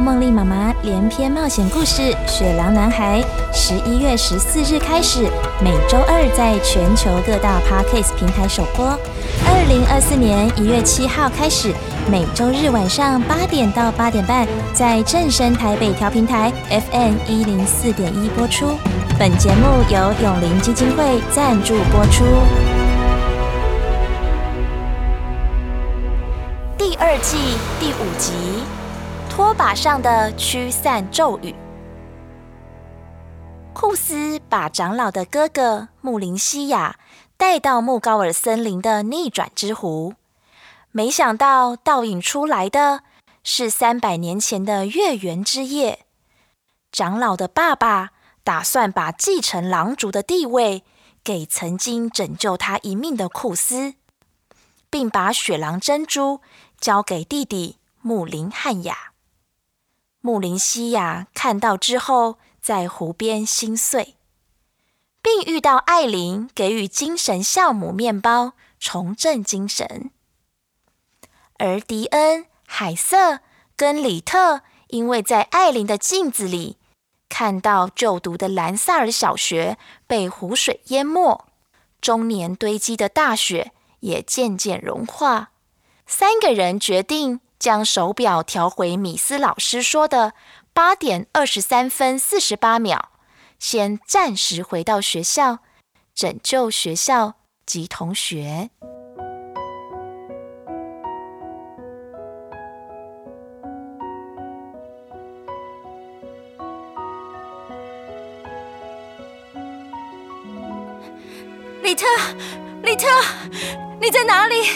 《夢莉媽媽連篇冒險故事：雪狼男孩》，十一月十四日開始，每周二在全球各大 Podcast 平台首播。二零二四年一月七號開始，每周日晚上八點到八點半，在正聲台北調平台 FM 一零四點一播出。本節目由永齡基金會贊助播出。第二季第五集。拖把上的驅散咒語。庫斯把長老的哥哥穆林西亞帶到穆高爾森林的逆轉之湖，沒想到倒影出來的是三百年前的月圓之夜。長老的爸爸打算把繼承狼族的地位給曾經拯救他一命的庫斯，並把雪狼珍珠交給弟弟穆林漢雅。穆林西亞看到之後，在湖邊心碎，並遇到艾琳，給予精神酵母麵包，重振精神。而迪恩、海瑟跟里特，因為在艾琳的鏡子裡看到就讀的蘭薩爾小學被湖水淹沒，終年堆積的大雪也漸漸融化，三個人決定。將手錶調回米斯老師說的八點二十三分四十八秒，先暫時回到學校，拯救學校及同學。李特，李特，你在哪裡？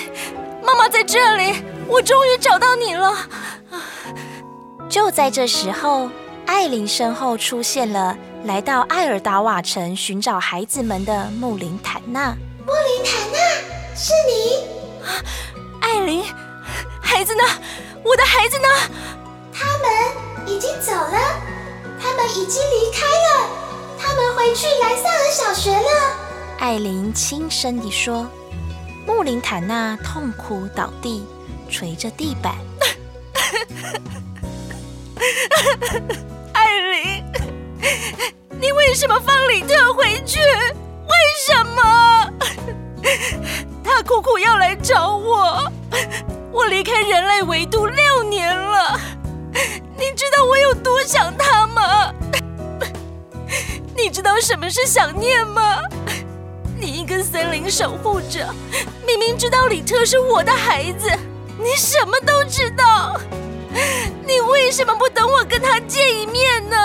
媽媽在這裡。我終於找到你了！啊、就在這時候，艾琳身後出現了來到艾爾達瓦城尋找孩子們的穆林坦納。穆林坦納，是你、啊？艾琳，孩子呢？我的孩子呢？他們已經走了，他們已經離開了，他們回去萊塞爾小學了。艾琳輕聲地說。穆林坦納痛哭倒地。捶着地板，艾琳，你為什麼放李特回去？為什麼？他苦苦要來找我，我離開人類維度六年了，你知道我有多想他嗎？你知道什麼是想念嗎？你一個森林守護者，明明知道李特是我的孩子。你什麼都知道，你為什麼不等我跟他見一面呢？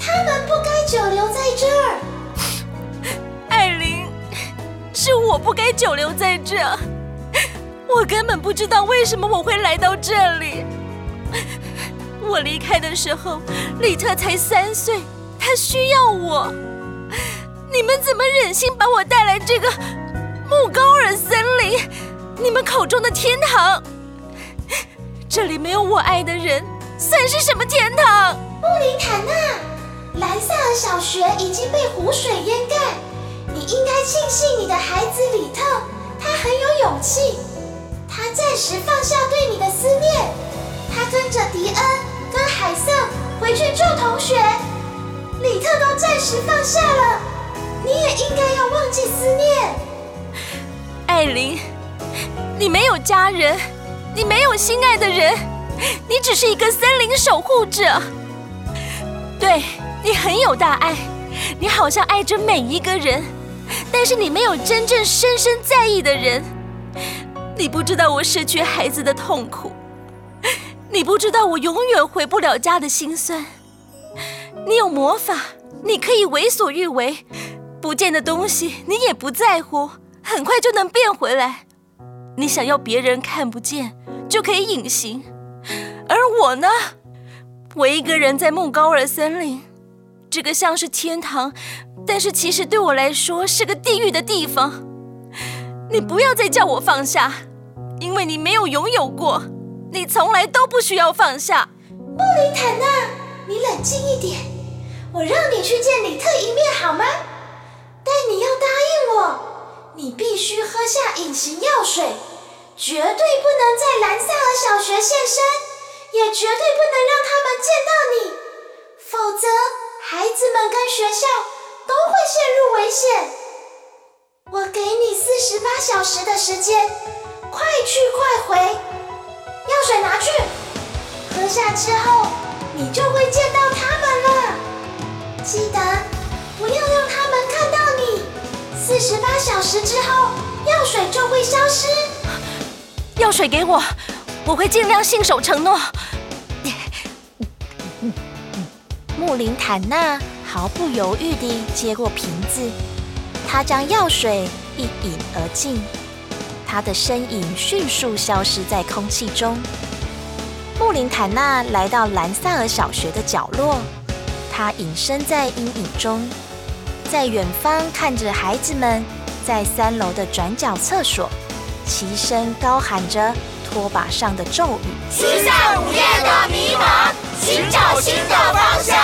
他們不該久留在這兒。艾琳，是我不該久留在這兒。我根本不知道為什麼我會來到這裡。我離開的時候，里特才三歲，他需要我。你們怎麼忍心把我帶來這個木高爾森林？你們口中的天堂，這裡沒有我愛的人，算是什麼天堂？布林坦娜·蘭薩爾小學已經被湖水淹蓋。你應該慶幸你的孩子李特，他很有勇氣，他暫時放下對你的思念，他跟着迪恩跟海瑟回去救同學。李特都暫時放下了，你也應該要忘記思念，艾琳。你沒有家人，你沒有心愛的人，你只是一個森林守護者。對，你很有大愛，你好像愛着每一個人，但是你沒有真正深深在意的人。你不知道我失去孩子的痛苦，你不知道我永遠回不了家的心酸。你有魔法，你可以為所欲為，不見的東西你也不在乎，很快就能變回來。你想要別人看不見就可以隱形，而我呢？我一個人在孟高爾森林，這個像是天堂，但是其實對我來說是個地獄的地方。你不要再叫我放下，因為你沒有擁有過，你從來都不需要放下。布里坦娜，你冷靜一點，我讓你去見李特一面好嗎？但你要答應我，你必須喝下隱形藥水。絕對不能在蘭薩爾小學現身，也絕對不能讓他們見到你，否則孩子們跟學校都會陷入危險。我給你四十八小時的時間，快去快回。藥水拿去，喝下之後你就會見到他們了。記得不要讓他們看到你。四十八小時之後，藥水就會消失。藥水給我，我會盡量信守承諾。嗯嗯嗯。穆林坦納毫不猶豫地接過瓶子，他將藥水一飲而盡，他的身影迅速消失在空氣中。穆林坦納來到蘭薩爾小學的角落，他隱身在陰影中，在遠方看着孩子們在三樓的轉角廁所。齊聲高喊着拖把上的咒語，驅散午夜的迷茫，尋找新的方向；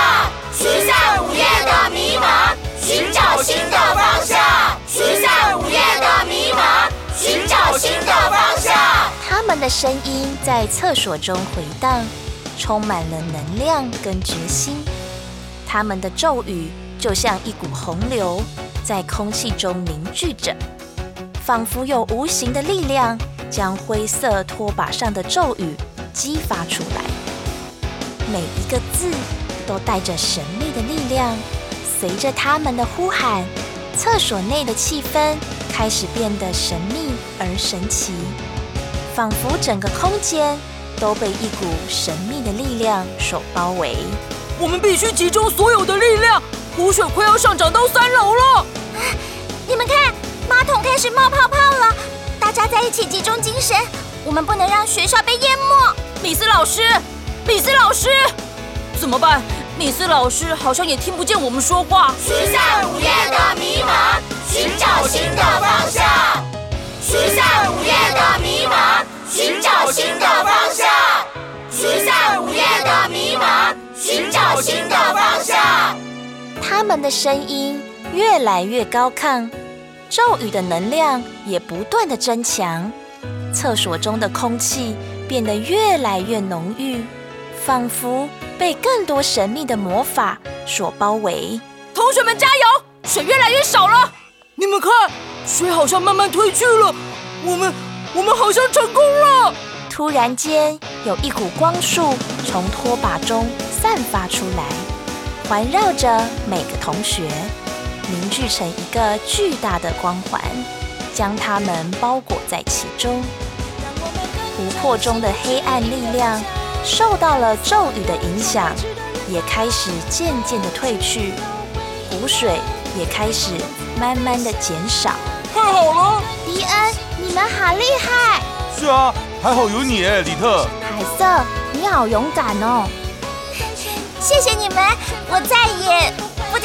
驅散午夜的迷茫，尋找新的方向；驅散午夜的迷茫，尋找新的方向。方向。他們的聲音在廁所中回盪，充滿了能量跟決心。他們的咒語就像一股洪流，在空氣中凝聚着。仿佛有無形的力量將灰色拖把上的咒語激發出來，每一個字都帶着神秘的力量。隨着他們的呼喊，廁所內的氣氛，開始變得神秘而神奇，仿佛整個空間都被一股神秘的力量所包圍。我們必須集中所有的力量，污水快要上漲到三樓了！你們看。馬桶開始冒泡泡了，大家在一起集中精神，我們不能讓學校被淹沒。米斯老師，米斯老師，怎麼辦？米斯老師好像也聽不見我們說話。驅散午夜的迷茫，尋找新的方向，驅散午夜的迷茫，尋找新的方向，驅散午夜的迷茫，尋找新的方向，驅散午夜的迷茫，尋找新的方向。他們的聲音越來越高亢，咒語的能量也不斷地增強，廁所中的空氣變得越來越濃郁，仿佛被更多神秘的魔法所包圍。同學們加油！水越來越少了，你們看，水好像慢慢退去了。我們，我們好像成功了！突然間，有一股光束從拖把中散發出來，環繞着每個同學。凝聚成一個巨大的光環，將它們包裹在其中。湖泊中的黑暗力量受到了咒語的影響，也開始漸漸的退去，湖水也開始慢慢的減少。太好了，迪恩，你們好厲害！是啊，還好有你，哎，李特。海瑟，你好勇敢哦！謝謝你們，我再也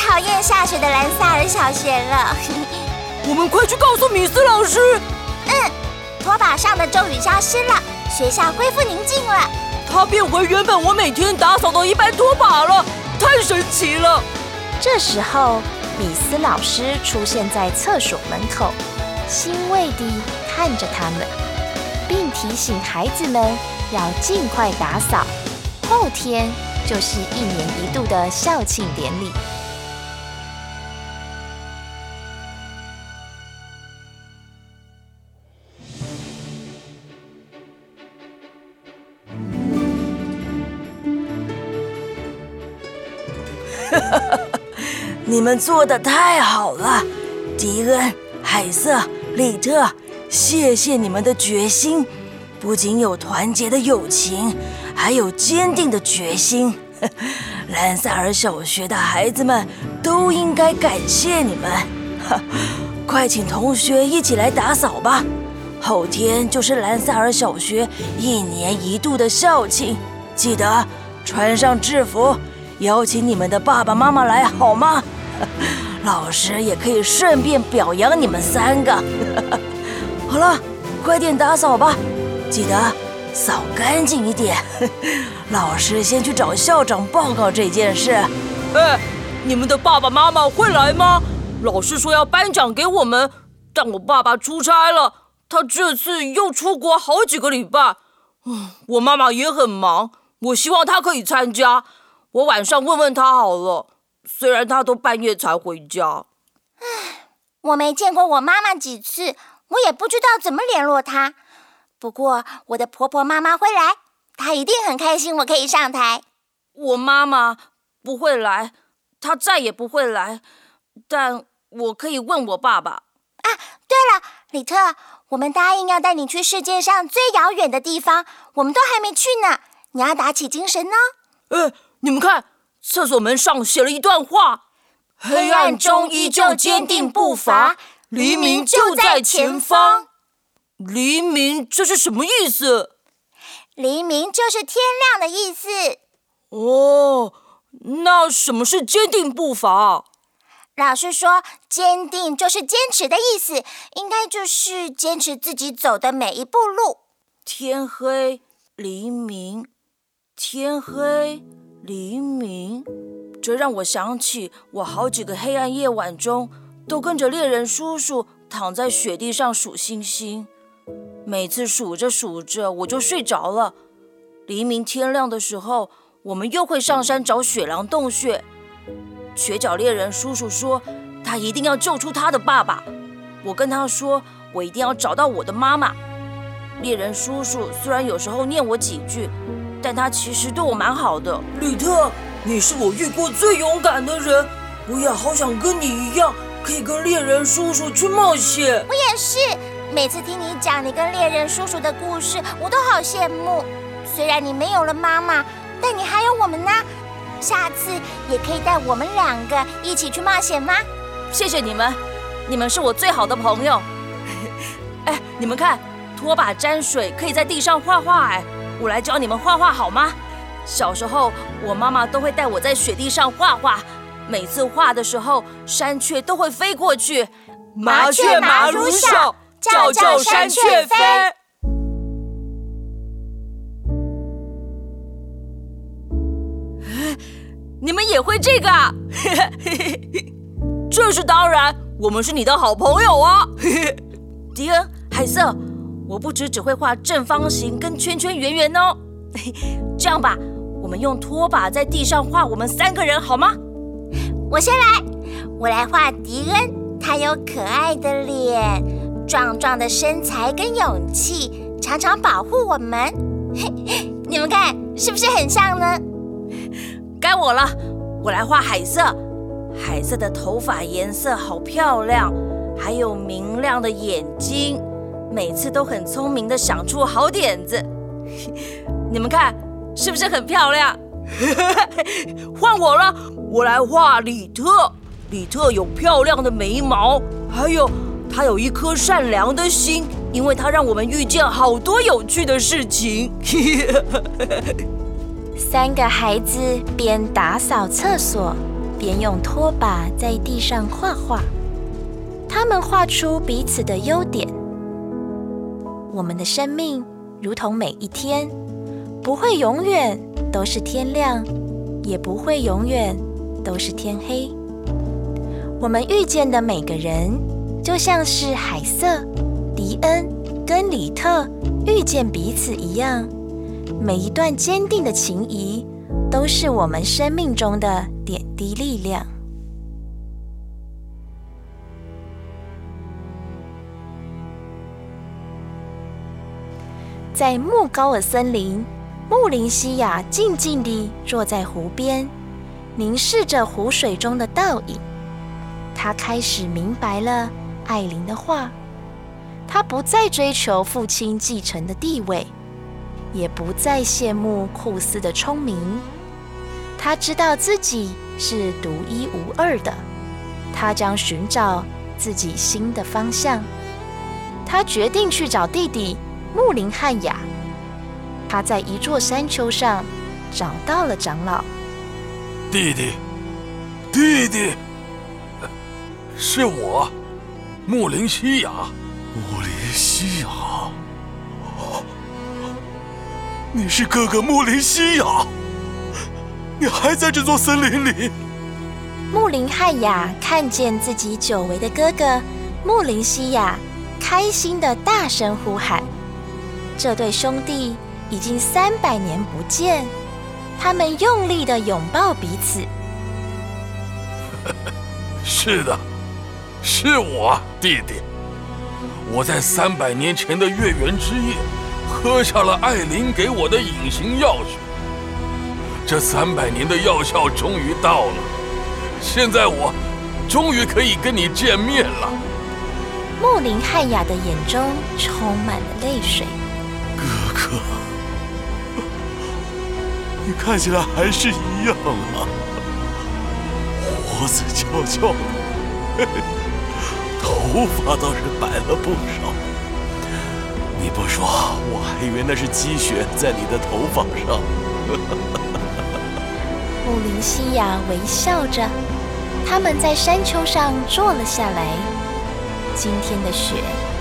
討厭下雪的蘭薩爾小學了，嘿嘿。我們快去告訴米斯老師。嗯，拖把上的咒語消失了，學校恢復寧靜了。他變回原本我每天打掃的一般拖把了，太神奇了。這時候，米斯老師出現在廁所門口，欣慰地看着他們，並提醒孩子們要盡快打掃。後天就是一年一度的校慶典禮。你們做的太好了，迪恩、海瑟、里特，謝謝你們的決心，不僅有團結的友情，還有堅定的決心。呵，蘭薩爾小學的孩子們都應該感謝你們。呵，快請同學一起來打掃吧。後天就是蘭薩爾小學一年一度的校慶，記得穿上制服，邀請你們的爸爸媽媽來好嗎？老師也可以順便表揚你們三個。好了，快點打掃吧，記得掃乾淨一點。老師先去找校長報告這件事。哎，你們的爸爸媽媽會來嗎？老師說要頒獎給我們，但我爸爸出差了，他這次又出國好幾個禮拜。嗯，我媽媽也很忙，我希望她可以參加。我晚上問問她好了。雖然他都半夜才回家。唉，我沒見過我媽媽幾次，我也不知道怎麼聯絡她。不過我的婆婆媽媽會來，她一定很開心我可以上台。我媽媽不會來，她再也不會來，但我可以問我爸爸。啊，對了，李特，我們答應要帶你去世界上最遙遠的地方，我們都還沒去呢，你要打起精神哦。呃，你們看。廁所門上寫了一段話：“黑暗中依舊堅定步伐，黎明就在前方。”黎明這是什麼意思？黎明就是天亮的意思。哦，那什麼是堅定步伐？老師說，堅定就是堅持的意思，應該就是堅持自己走的每一步路。天黑，黎明，天黑。嗯黎明，這讓我想起我好幾個黑暗夜晚中，都跟着獵人叔叔躺在雪地上數星星。每次數着數着，我就睡着了。黎明天亮的時候，我們又會上山找雪狼洞穴。瘸腳獵人叔叔說，他一定要救出他的爸爸。我跟他說，我一定要找到我的媽媽。獵人叔叔雖然有時候念我幾句。但他其實對我蠻好的。呂特，你是我遇過最勇敢的人，我也好想跟你一樣，可以跟獵人叔叔去冒險。我也是，每次聽你講你跟獵人叔叔的故事，我都好羨慕。雖然你沒有了媽媽，但你還有我們呢。下次也可以帶我們兩個一起去冒險嗎？謝謝你們，你們是我最好的朋友。 哎，你們看，拖把沾水可以在地上畫畫，哎。我來教你們畫畫好嗎？小時候，我媽媽都會帶我在雪地上畫畫。每次畫的時候，山雀都會飛過去。麻雀麻如小，叫叫山雀飛。你們也會這個？這是當然，我們是你的好朋友啊。迪恩，海瑟。我不止只會畫正方形跟圈圈圓圓哦， 這樣吧，我們用拖把在地上畫我們三個人好嗎？我先來，我來畫迪恩，他有可愛的臉、壯壯的身材跟勇氣，常常保護我們。 你們看，是不是很像呢？該我了，我來畫海瑟，海瑟的頭髮顏色好漂亮，還有明亮的眼睛。每次都很聰明的想出好點子，你們看，是不是很漂亮？換 我了，我來畫李特。李特有漂亮的眉毛，還有他有一顆善良的心，因為他讓我們遇見好多有趣的事情。 三個孩子邊打掃廁所，邊用拖把在地上畫畫，他們畫出彼此的優點。我們的生命，如同每一天，不會永遠都是天亮，也不會永遠都是天黑。我們遇見的每個人，就像是海瑟、迪恩跟李特遇見彼此一樣，每一段堅定的情誼，都是我們生命中的點滴力量。在穆高爾森林，穆林西亞靜靜地坐在湖邊，凝視着湖水中的倒影。他開始明白了艾琳的話。他不再追求父親繼承的地位，也不再羨慕庫斯的聰明。他知道自己是獨一無二的。他將尋找自己新的方向。他決定去找弟弟。木林漢雅，他在一座山丘上找到了長老。弟弟，弟弟，是我，木林西雅。木林西雅。哦，你是哥哥木林西雅，你還在這座森林裡？木林漢雅看見自己久違的哥哥木林西雅，開心地大聲呼喊。這對兄弟已經三百年不見，他們用力地擁抱彼此。 是的，是我弟弟。我在三百年前的月圓之夜，喝下了艾琳給我的隱形藥水。這三百年的藥效終於到了，現在我終於可以跟你見面了。穆林漢雅的眼中充滿了淚水。可你看起來還是一樣啊，鬍子翹翹，嘿嘿，頭髮倒是白了不少。你不說，我還以為那是積雪在你的頭髮上。呵呵，布林西亞微笑着，他們在山丘上坐了下來。今天的雪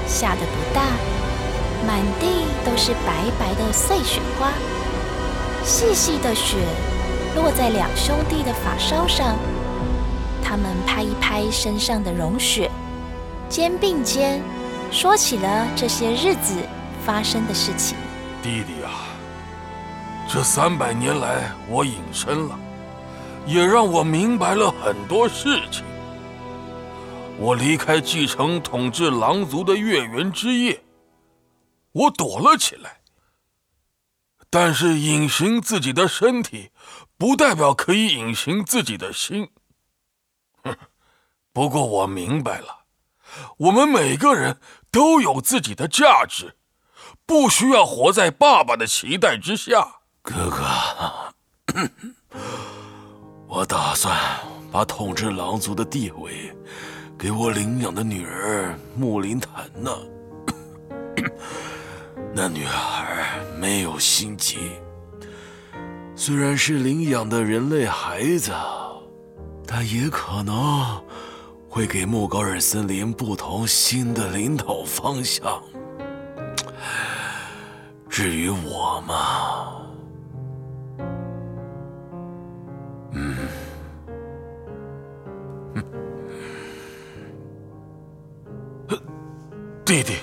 下得不大。滿地都是白白的碎雪花，細細的雪落在兩兄弟的髮梢上。他們拍一拍身上的融雪，肩並肩說起了這些日子發生的事情。弟弟啊，這三百年來我隱身了，也讓我明白了很多事情。我離開繼承統治狼族的月圓之夜，我躲了起來。但是隱形自己的身體，不代表可以隱形自己的心。不過我明白了，我們每個人都有自己的價值，不需要活在爸爸的期待之下。哥哥， 我打算把統治狼族的地位，給我領養的女兒穆林譚呢。 那女孩沒有心機，雖然是領養的人類孩子，但也可能會給莫高爾森林不同新的領導方向。至於我嘛，嗯，弟弟，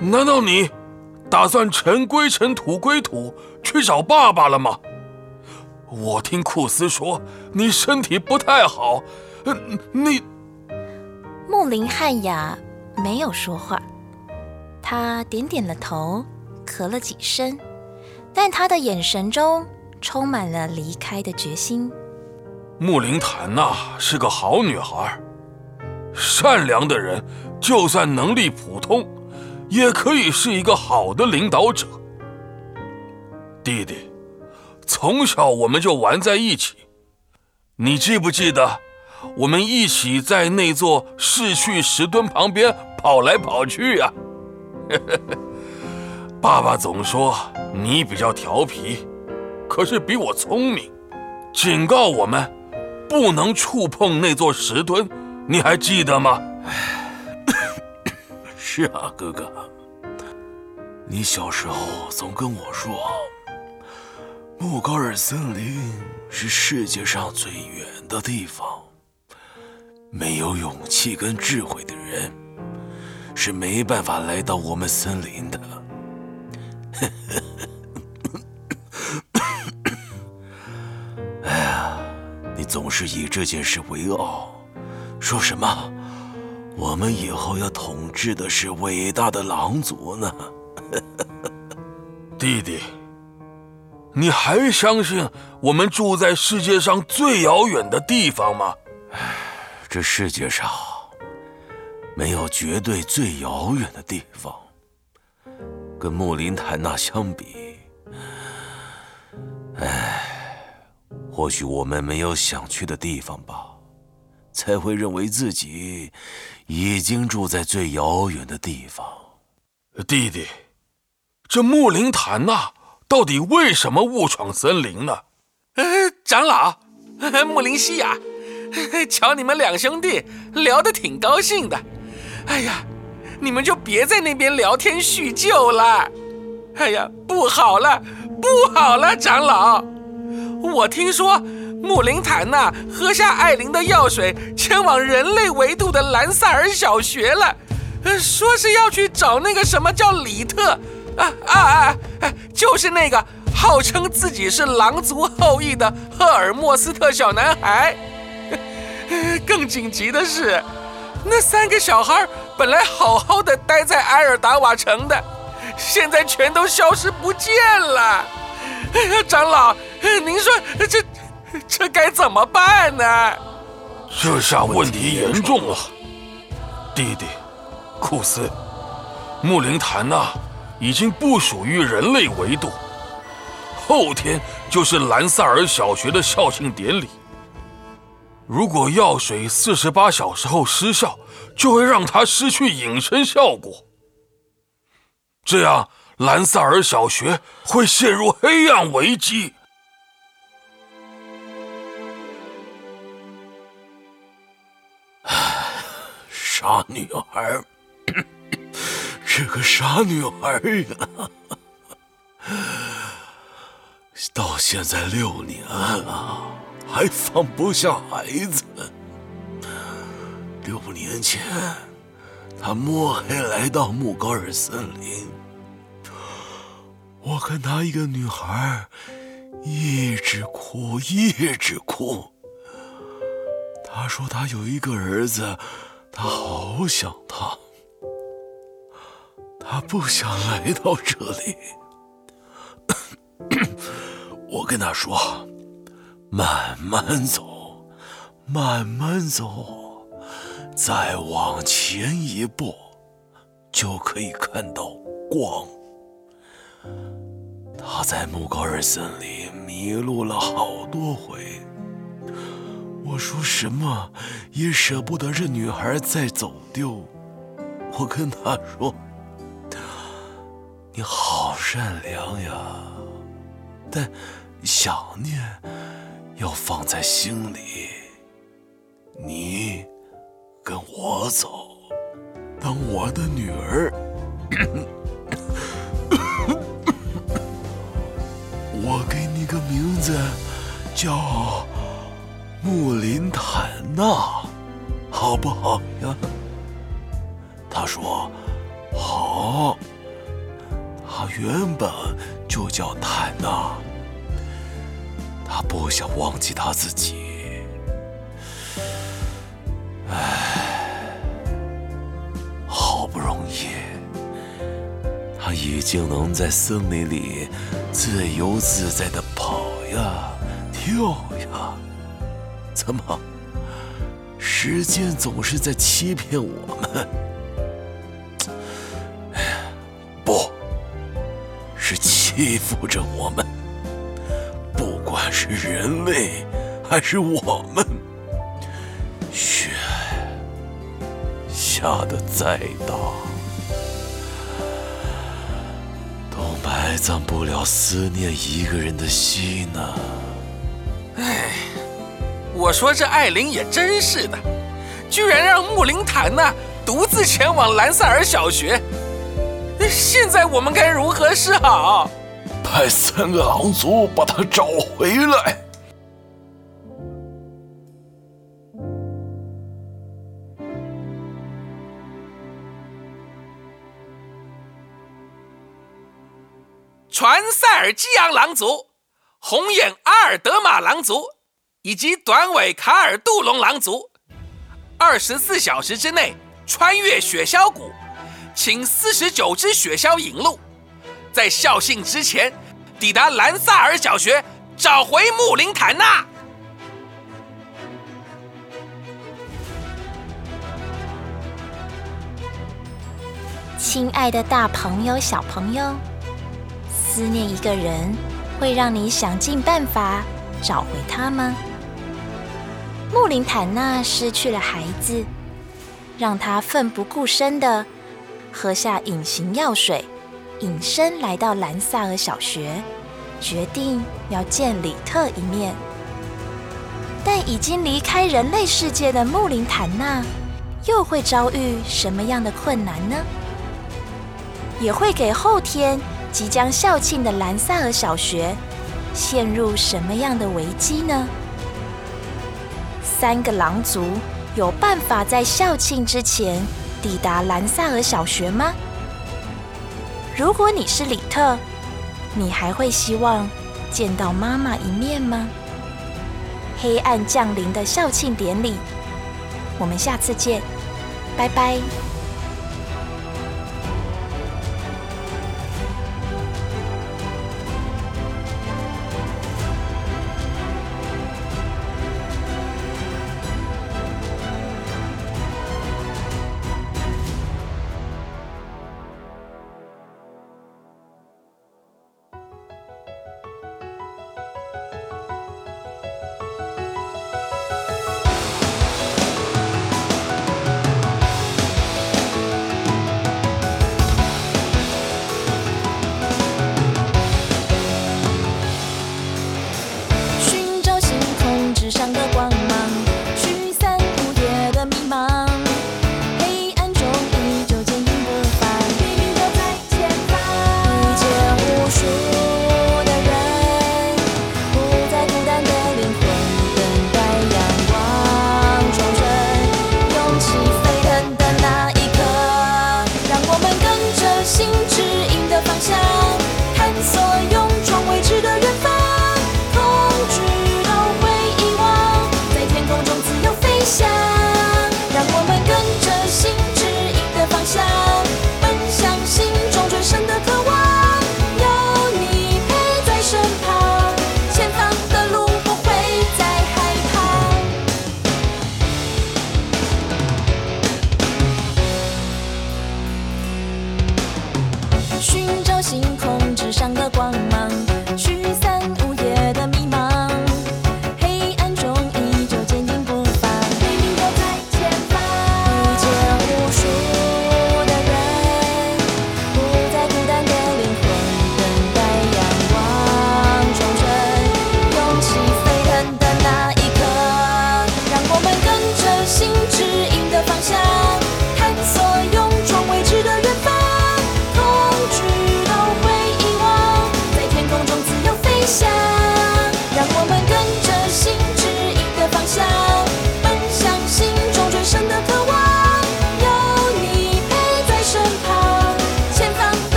難道你？打算塵歸塵土歸土，去找爸爸了嗎？我聽庫斯說你身體不太好，呃，你。穆林漢雅沒有說話，她點、點了點頭，咳了幾聲，但她的眼神中充滿了離開的決心。穆林坦娜是個好女孩，善良的人，就算能力普通。也可以是一個好的領導者，弟弟。從小我們就玩在一起，你記不記得我們一起在那座逝去石墩旁邊跑來跑去呀、啊？ 爸爸總說你比較調皮，可是比我聰明。警告我們不能觸碰那座石墩，你還記得嗎？是啊，哥哥，你小時候總跟我說，木高爾森林是世界上最遠的地方，沒有勇氣跟智慧的人是沒辦法來到我們森林的。 哎呀，你總是以這件事為傲，說什麼？我們以後要統治的是偉大的狼族呢， 弟弟。你還相信我們住在世界上最遙遠的地方嗎？哎，這世界上沒有絕對最遙遠的地方。跟穆林坦納相比，哎，或許我們沒有想去的地方吧，才會認為自己。已經住在最遙遠的地方。弟弟，這木靈潭吶，啊，到底為什麼誤闖森林呢？呃，長老，木靈西亞嘿，瞧你們兩兄弟聊得挺高興的。哎呀，你們就別在那邊聊天敘舊了。哎呀，不好了，不好了，長老，我聽說。穆林坦吶，喝下艾琳的藥水，前往人類維度的蘭薩爾小學了。呃，說是要去找那個什麼叫里特，啊啊啊！啊，就是那個號稱自己是狼族後裔的赫爾墨斯特小男孩。更緊急的是，那三個小孩本來好好的待在埃爾達瓦城的，現在全都消失不見了。哎呀，長老，您說這……這該怎麼辦呢？這下問題嚴重了。弟弟，庫斯，木靈潭娜啊，已經不屬於人類維度。後天就是蘭薩爾小學的校慶典禮。如果藥水四十八小時後失效，就會讓他失去隱身效果。這樣，蘭薩爾小學會陷入黑暗危機。傻女孩，是、這個傻女孩呀！到現在六年了，還放不下孩子。六年前，他摸黑來到木高爾森林，我看他一個女孩，一直哭，一直哭。他說他有一個兒子。他好想他，他不想來到這裡。 我跟他說：“慢慢走，慢慢走，再往前一步，就可以看到光。”他在木高爾森林迷路了好多回。我說什麼也捨不得這女孩再走丟。我跟她說：“你好善良呀，但想念要放在心裡。你跟我走，當我的女兒。我給你個名字，叫……”穆林坦納，好不好呀？他說：“好。”他原本就叫坦納，他不想忘記他自己。哎，好不容易，他已經能在森林裡自由自在的跑呀、跳呀。時間總是在欺騙我們，不，是欺負着我們。不管是人類還是我們，雪下得再大，都埋葬不了思念一個人的心呢、啊。哎。我說這艾琳也真是的，居然讓穆林坦納獨自前往蘭塞爾小學。現在我們該如何是好？派三個狼族把他找回來。傳塞爾激昂狼族，紅眼阿爾德馬狼族。以及短尾卡爾杜龍狼族，二十四小時之內穿越雪橇谷，請四十九只雪橇引路，在校慶之前抵達蘭薩爾小學，找回穆林坦納。親愛的大朋友、小朋友，思念一個人會讓你想盡辦法找回他嗎？穆林坦納失去了孩子，讓他奮不顧身地喝下隱形藥水，隱身來到蘭薩爾小學，決定要見李特一面。但已經離開人類世界的穆林坦納，又會遭遇什麼樣的困難呢？也會給後天即將校慶的蘭薩爾小學陷入什麼樣的危機呢？三個狼族有辦法在校慶之前抵達蘭薩爾小學嗎？如果你是李特，你還會希望見到媽媽一面嗎？黑暗降臨的校慶典禮，我們下次見，拜拜。